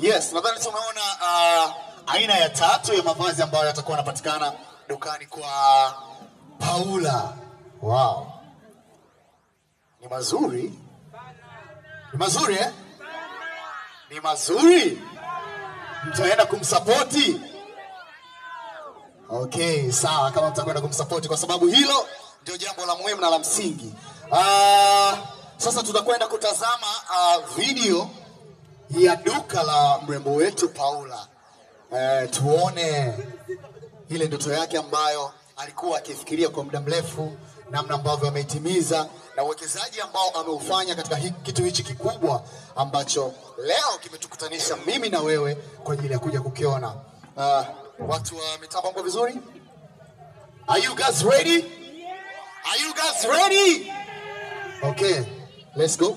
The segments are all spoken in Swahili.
Yes, nadhani tumeona uh, aina ya tatu ya mavazi ambayo yatakuwa yanapatikana dukani kwa Paula. Wow. Ni mazuri. Ni mazuri eh? Ni mazuri. Mtaenda kumsapoti? Okay, sawa kama mtakwenda kumsapoti kwa sababu hilo ndio jambo la muhimu na la msingi. Uh, sasa tutakwenda kutazama uh, video ya duka la mrembo wetu Paula. E, tuone ile ndoto yake ambayo alikuwa akifikiria kwa muda mrefu, namna ambavyo ameitimiza na uwekezaji ambao ameufanya katika hiki, kitu hichi kikubwa ambacho leo kimetukutanisha mimi na wewe kwa ajili ya kuja kukiona. Uh, watu wa mitambo vizuri? Are you guys ready? Are you guys ready? Okay, let's go.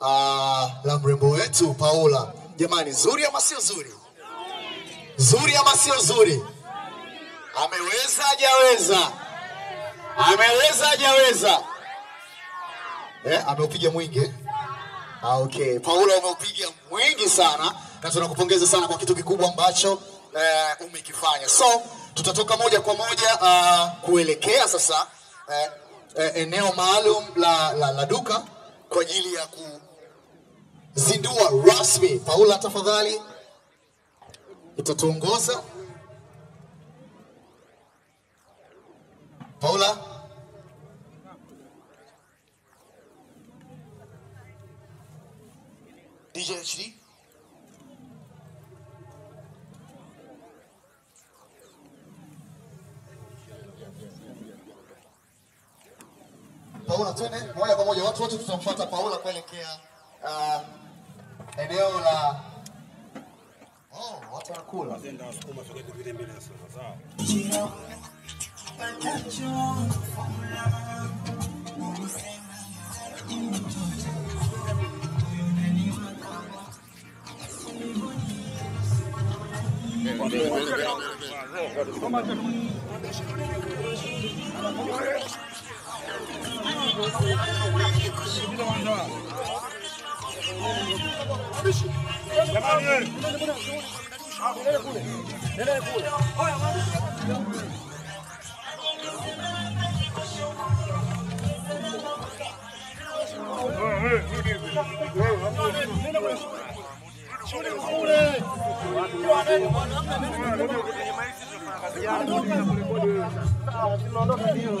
uh, la mrembo wetu Paula. Jamani, zuri ama sio zuri? Zuri ama sio zuri? Ameweza hajaweza? Ameweza hajaweza? Eh, ameupiga mwingi. Ah, okay. Paula umeupiga mwingi sana na tunakupongeza sana kwa kitu kikubwa ambacho eh, umekifanya. So, tutatoka moja kwa moja uh, kuelekea sasa eh, eh, eneo maalum la, la, la duka kwa ajili ya ku zindua rasmi. Paula, tafadhali utatuongoza. Paula, DJ HD. Paula, twende moja kwa moja, watu wote tutamfuata Paula kuelekea uh, eneo la oh, watu wanakula Tunaondoka hiyo.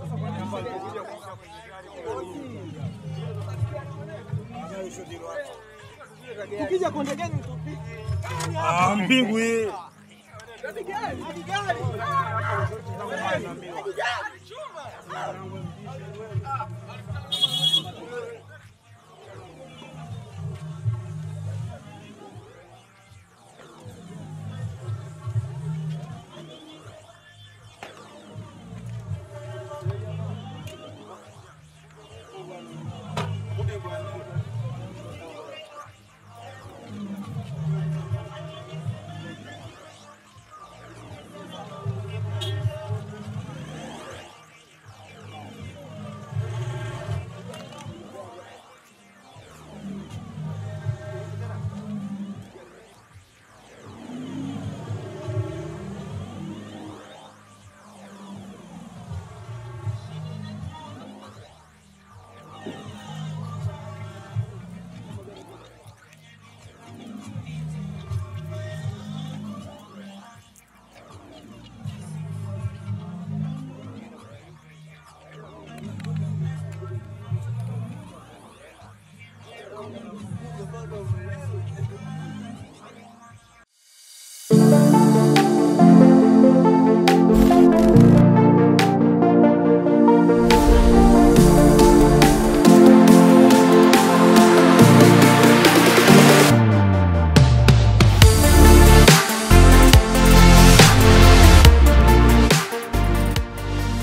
Tukija Konde Gang tupige. Ah, mbingu hii. Hadi gari, hadi gari. Chuma.